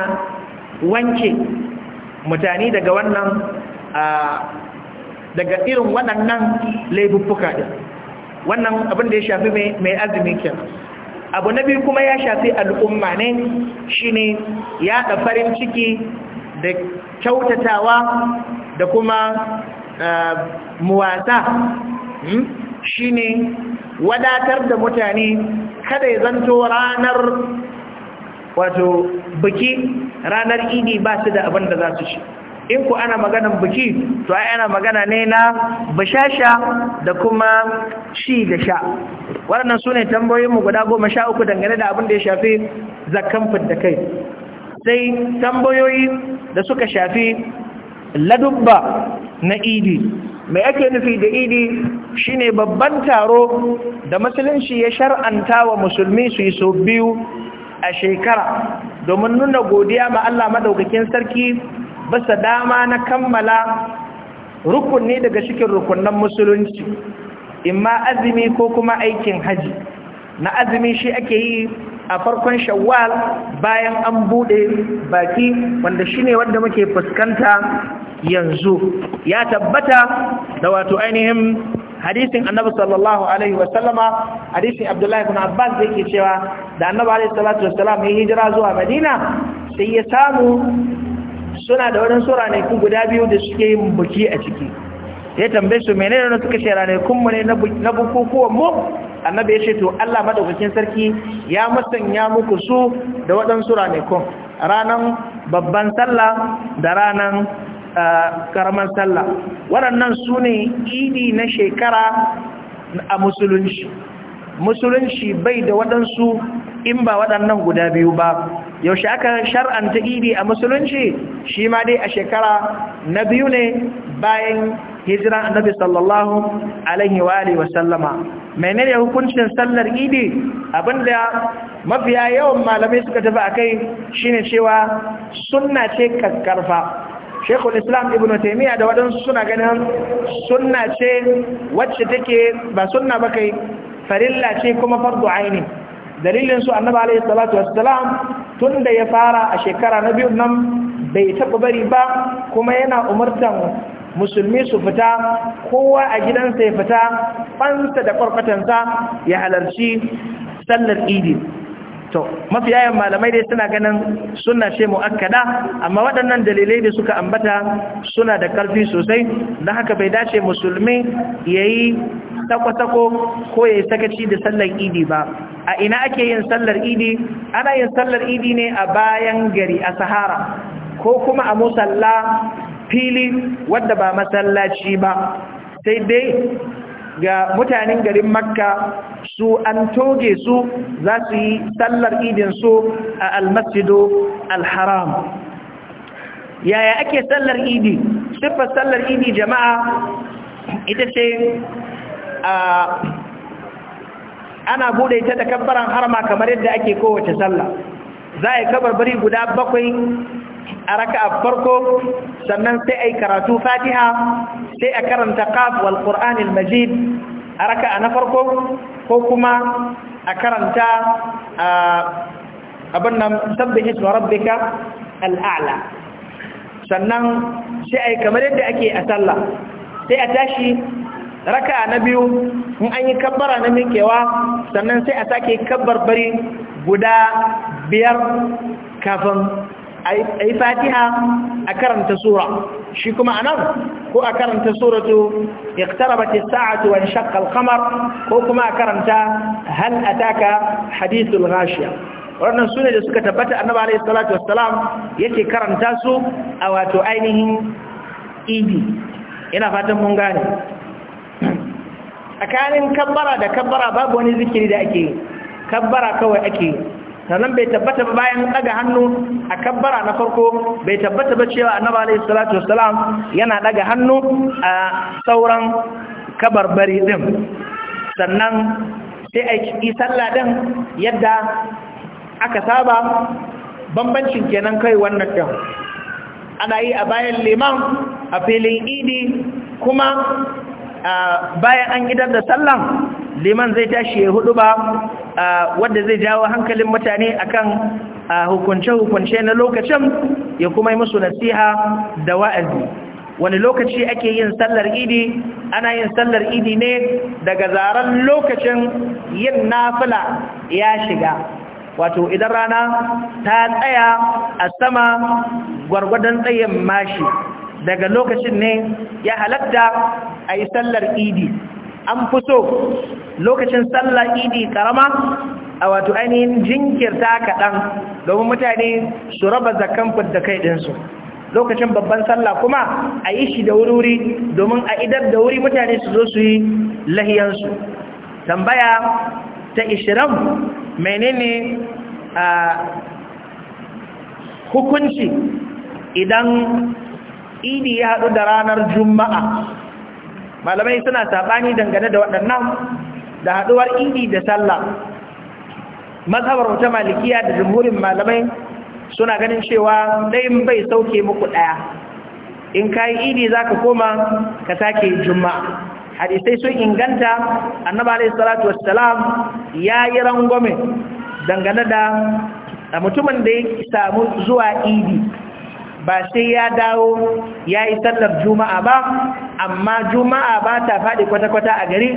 wanke mutane daga wannan daga irin waɗannan laifuffuka ɗin wannan abin da ya shafi mai azumi kyan abu na biyu kuma ya shafi al'umma ne shine yaɗa farin ciki da kyautatawa da kuma muwasa hmm? shine wadatar da mutane kada ya zanto ranar wato biki ranar idi ba su da abin da za su ci in ku ana maganan biki to ai ana magana ne na bashasha da kuma shi da sha waɗannan su ne tambayoyinmu guda goma sha uku dangane da abin da ya shafi zakkan da kai sai tambayoyi da suka shafi ladubba na idi mai ake nufi da idi shine babban taro da musulunci ya shar'anta wa musulmi su yi so biyu a shekara domin nuna godiya ma Allah madaukakin sarki basa dama na kammala rukunni daga cikin rukunnan musulunci imma azumi ko kuma aikin haji na azumi shi ake yi a farkon shawwal bayan an bude baki wanda shine wanda muke fuskanta yanzu ya tabbata da wato ainihin hadisin annabi sallallahu alaihi sallama hadisin abdullahi ibn abbas da yake cewa da annabi alaihi salatu wassalam ya hijira zuwa madina sai ya samu suna da wurin sura ne ku guda biyu da suke yin buki a ciki ya tambaye su menene suka ce ranakun mu ne na bukukuwan mu annabi ya ce to Allah madaukakin sarki ya musanya muku su da waɗansu ranakun ranan babban sallah da ranan karaman sallah waɗannan su ne idi na shekara a musulunci musulunci bai da waɗansu in ba waɗannan guda biyu ba yaushe aka shar'anta idi a musulunci shi ma dai a shekara na biyu ne bayan hijira annabi sallallahu alaihi wa alihi ne hukuncin sallar idi abinda mafiya yawan malamai suka tafi a akai shine cewa sunna ce kakkarfa shekul Islam Ibn taimiyya da waɗansu suna ganin sunna ce wacce take ba sunna ba kai farilla ce kuma fardu aini dalilin su annaba alaihi salatu wassalam da ya fara a shekara na biyu nan bai taɓa bari ba kuma yana umartan musulmi su fita kowa a gidansa ya fita fansa da kwarkwatansa ya halarci sallar idi to mafi yayan malamai dai suna ganin suna ce mu'akkada amma waɗannan dalilai da suka ambata suna da ƙarfi sosai don haka bai dace musulmi ya yi sako-sako ko ya yi sakaci da sallar idi ba a ina ake yin sallar idi ana yin sallar idi ne a bayan gari a sahara ko kuma a musalla fili wadda ba masallaci ba sai dai ga mutanen garin makka su an toge su za su yi sallar idinsu a almasjido alharam yaya ake sallar idi siffar sallar idi jama'a ita ce ana bude ta da harma kamar yadda ake kowace sallah za a yi kabar bari guda bakwai a raka'a farko sannan sai yi karatu fatiha sai a karanta qaf wal qur'anil majid a raka'a na farko ko kuma a karanta abin nan sabbi isma rabbika al'a'la sannan sai yi kamar yadda ake a sallah sai a tashi raka'a na biyu in an yi kabbara na minkewa sannan sai a sake kabbar bari guda biyar kafin a yi fatiha a karanta sura shi kuma a nan ko a karanta suratu ya tarabata sa'atu wani shakkal kamar ko kuma a karanta hal taka hadithul rashiya waɗannan su ne da suka tabbata annaba alayhi salatu wassalam yake karanta su a wato ainihin idi ina fatan mun gane tsakanin kabbara da kabbara babu wani zikiri da ake kabbara kawai ake sannan bai tabbata ba bayan daga hannu a kabbara na farko bai tabbata ba cewa annabi alaihi salatu wassalam yana daga hannu a sauran kabarbari din sannan sai a yi sallah din yadda aka saba bambancin kenan kai wannan din ana yi a bayan liman a filin idi kuma bayan an idar da sallan liman zai tashi ya hudu ba wadda zai jawo hankalin mutane akan hukunce-hukunce na lokacin ya kuma yi musu nasiha da wa'azi wani lokaci ake yin sallar idi ana yin sallar idi ne daga zaren lokacin yin nafila ya shiga wato idan rana ta tsaya a sama gwargwadon tsayin mashi daga lokacin ne ya halatta a yi sallar idi an fi so lokacin sallar idi karama a wato ainihin jinkirta kaɗan domin mutane su raba zakan fudda kai ɗinsu lokacin babban sallah kuma a yi shi da wuri domin a idar da wuri mutane su zo su yi lahiyansu tambaya ta ishirin menene hukunci idan idi ya haɗu da ranar juma'a malamai suna saɓani dangane da waɗannan da haɗuwar idi da sallah mazhabar wata malikiya da jumhurin malamai suna ganin cewa ɗayin bai sauke muku ɗaya in ka yi idi za ka koma ka sake juma'a hadisai sun inganta annaba alaihi salatu wassalam ya yi rangwame dangane da mutumin da ya samu zuwa idi ba sai ya dawo ya yi sallar juma'a ba amma juma'a ba ta faɗi kwata-kwata a gari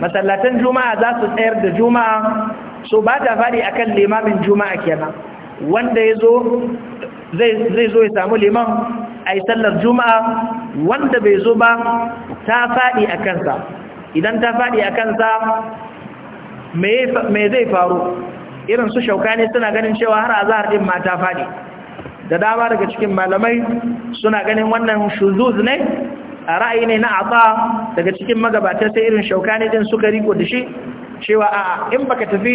masallatan juma'a za su tsayar da juma'a so ba ta faɗi a kan limamin juma'a kenan wanda ya zo zai zo ya samu liman a yi sallar juma'a wanda bai zo ba ta faɗi a kansa idan ta faɗi a kansa me zai faru irin su shauka ne suna ganin cewa har a zahar ɗin ma ta faɗi da dama daga cikin malamai suna ganin wannan shuzuz ne a ra'ayi ne na ata daga cikin magabata sai irin ne din suka riko da shi cewa a in baka tafi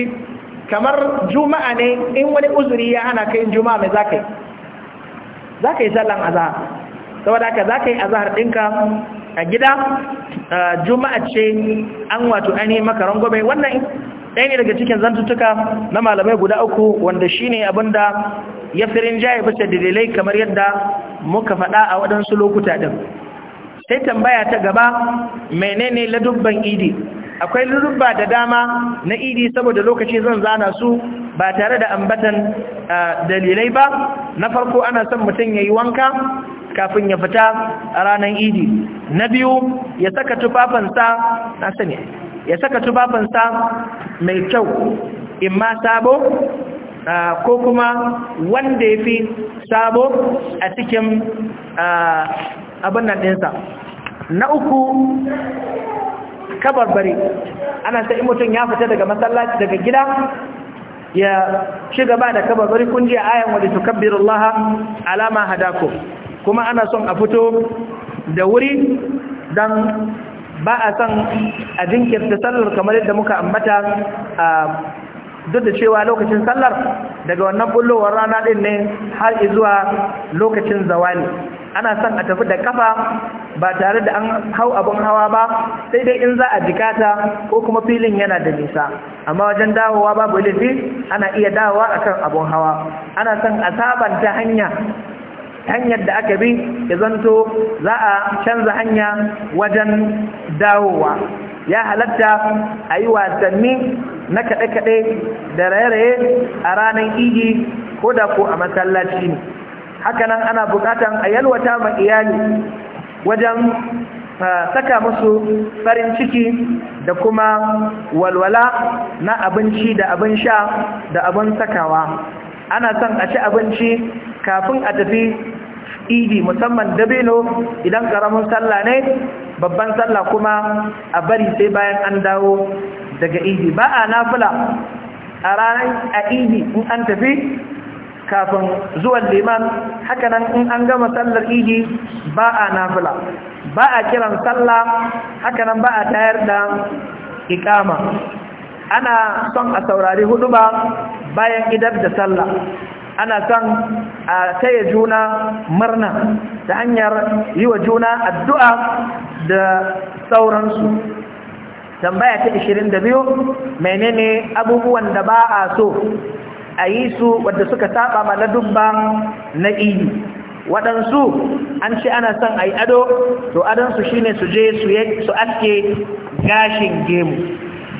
kamar juma'a ne in wani uzuri ya hana kai juma'a mai zakai yi zaka yi sallan azhar saboda haka zakai azhar dinka a gida juma'a ce an wato ani maka wannan ɗaya ne daga cikin zantuttuka na malamai guda uku wanda shi ne da ya firin jaye bisa dalilai kamar yadda muka faɗa a waɗansu lokuta ɗin sai tambaya ta gaba menene ladubban idi akwai ladubba da dama na idi saboda lokaci zan zana su ba tare da ambatan dalilai ba na farko ana son mutum ya yi wanka kafin ya fita a ranar idi na biyu ya saka tufafansa na sani ya saka tufafinsa mai kyau in ma sabo ko kuma wanda ya fi sabo a cikin abin ɗinsa na uku kabarbari ana sa in mutum ya fita daga masallaci daga gida ya ci gaba da kabarbari kun ji ayan wadda allaha alama hadako kuma ana son a fito da wuri don ba a son a jinkirta sallar kamar yadda muka ambata a duk da cewa lokacin sallar daga wannan bullowar rana din ne har zuwa lokacin zawali ana san a tafi da kafa ba tare da an hau abin hawa ba sai dai in za a jikata ko kuma filin yana da nisa amma wajen dawowa babu ilifi ana iya dawowa akan abin hawa ana san a sabanta hanya hanyar da aka bi ya zanto za a canza hanya wajen dawowa ya halatta a yi wasanni na kaɗe-kaɗe da raye-raye a ranar igi ko da ko a masallaci ne hakanan ana buƙatan a yalwata ma iyali wajen saka musu farin ciki da kuma walwala na abinci da abin sha da abin sakawa ana son a ci abinci kafin a tafi idi musamman dabino idan karamin sallah ne babban sallah kuma a bari sai bayan an dawo daga idi ba a nafila a ranar a idi in an tafi kafin zuwan liman hakanan in an gama sallar idi ba a nafila ba a kiran sallah hakanan ba a tayar da ikama ana son a saurari hudu ba bayan idar da sallah ana son a taya juna murna ta hanyar yi wa juna addu'a da sauransu tambaya ta 22 menene abubuwan da ba a so a yi su wadda suka saba ma na dubba na iyi waɗansu an ce ana son a yi ado to adonsu shine su je su aske gashin gemu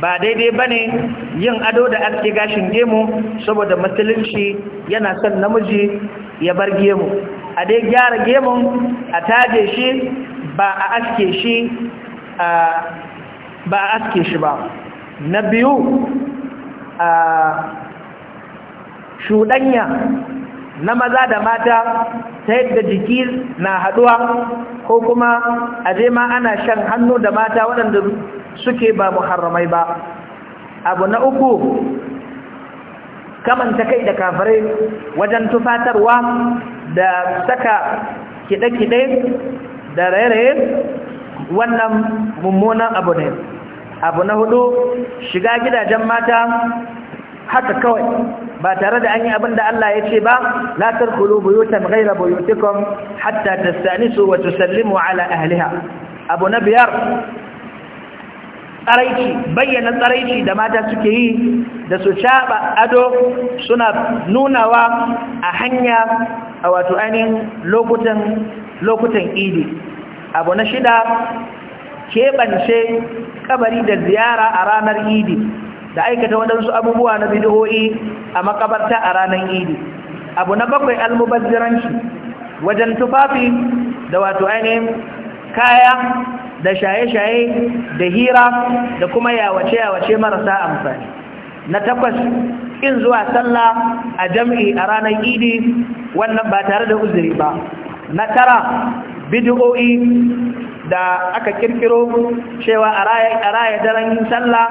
ba daidai ba ne yin ado da aske gashin gemu saboda musulunci yana son namiji ya bar gemu a dai gyara gemun a taje shi ba a aske shi ba a aske shi ba na biyu a shuɗanya na maza da mata ta yadda jiki na haɗuwa ko kuma a zai ma ana shan hannu da mata waɗanda suke ba muharramai ba abu na uku kamanta kai da kafirai wajen tufatarwa da saka kiɗe-kiɗe da raye-raye wannan mummunan abu ne abu na hudu shiga gidajen mata haka kawai ba tare da an yi abin da Allah ya ce ba la tarkulu buyutan ghayra buyutikum hatta tastanisu wa sallimu ala ahliha abu na biyar tsaraici bayyana tsaraici da mata suke yi da su shaɓa ado suna nunawa a hanya a wato ainihin lokutan idi abu na shida keɓance kabari da ziyara a ranar idi da aikata waɗansu abubuwa na bidiyoyi a makabarta a ranar idi abu na bakwai almubazziranci wajen tufafi da wato ainihin kaya da shaye-shaye da hira da kuma yawace-yawace marasa amfani na takwas in zuwa sallah a jam'i a ranar idi wannan ba tare da uzuri ba na tara bidiyo'i da aka kirkiro cewa a raya daren sallah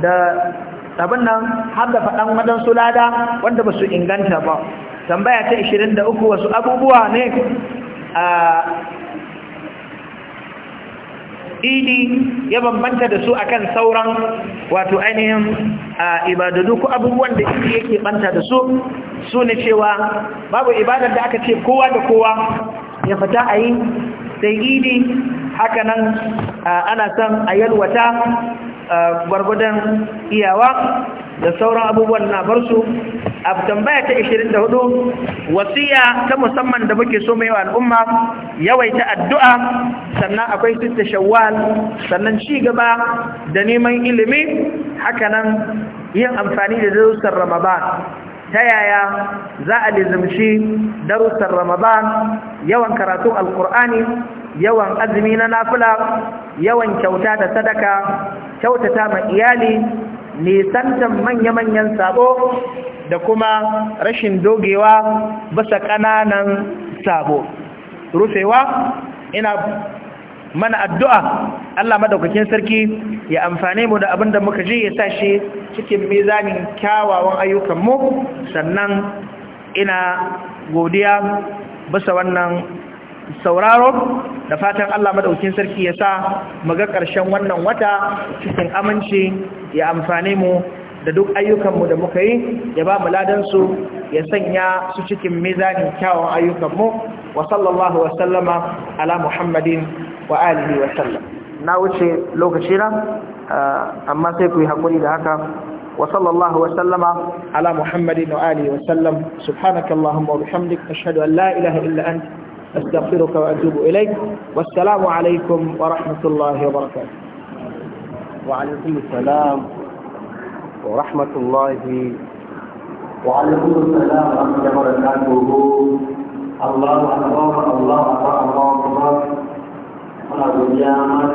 da abin nan har da faɗan waɗansu lada wanda ba su inganta ba tambaya ta 23 wasu abubuwa ne a. idi ya bambanta da su akan sauran wato ainihin ibadadu ko abubuwan da idi yake banta da su su ne cewa babu ibadar da aka ce kowa da kowa ya fita a yi sai idi hakanan ana son a yalwata gwargwadon iyawa da sauran abubuwan na bar su abtambaya tambaya ta 24 wasiya ta musamman da muke so mai wa al'umma yawaita addu'a sannan akwai sitta shawwal sannan ci gaba da neman ilimi hakanan yin amfani da darussan ramadan ta yaya za a lizimci darussan ramadan yawan karatun alkur'ani yawan azumi na nafila yawan kyauta da sadaka kyautata ma iyali nisantan manya-manyan sabo da kuma rashin dogewa basa ƙananan sabo rufewa ina mana addu'a Allah madaukakin sarki ya amfane mu da abin da muka ji ya sa shi cikin mizanin kyawawan ayyukanmu sannan ina godiya basa wannan sauraro da fatan Allah madaukakin sarki ya sa muga ƙarshen wannan wata cikin aminci ya amfane mu da duk ayyukanmu da muka yi ya ba mu ya sanya su cikin mizanin kyawun ayyukanmu wa sallallahu wa sallama ala muhammadin wa alihi wa sallam na wuce lokaci na eh, amma sai ku yi haƙuri da haka wa sallallahu wa sallama ala muhammadin wa alihi wa sallam subhanaka allahumma wa bihamdik ashhadu an la ilaha illa anta astaghfiruka wa atubu ilaik wassalamu alaikum wa rahmatullahi wa barakatuh wa alaikum ورحمة الله وعليكم السلام ورحمة الله وبركاته الله أكبر الله أكبر الله أكبر الله أكبر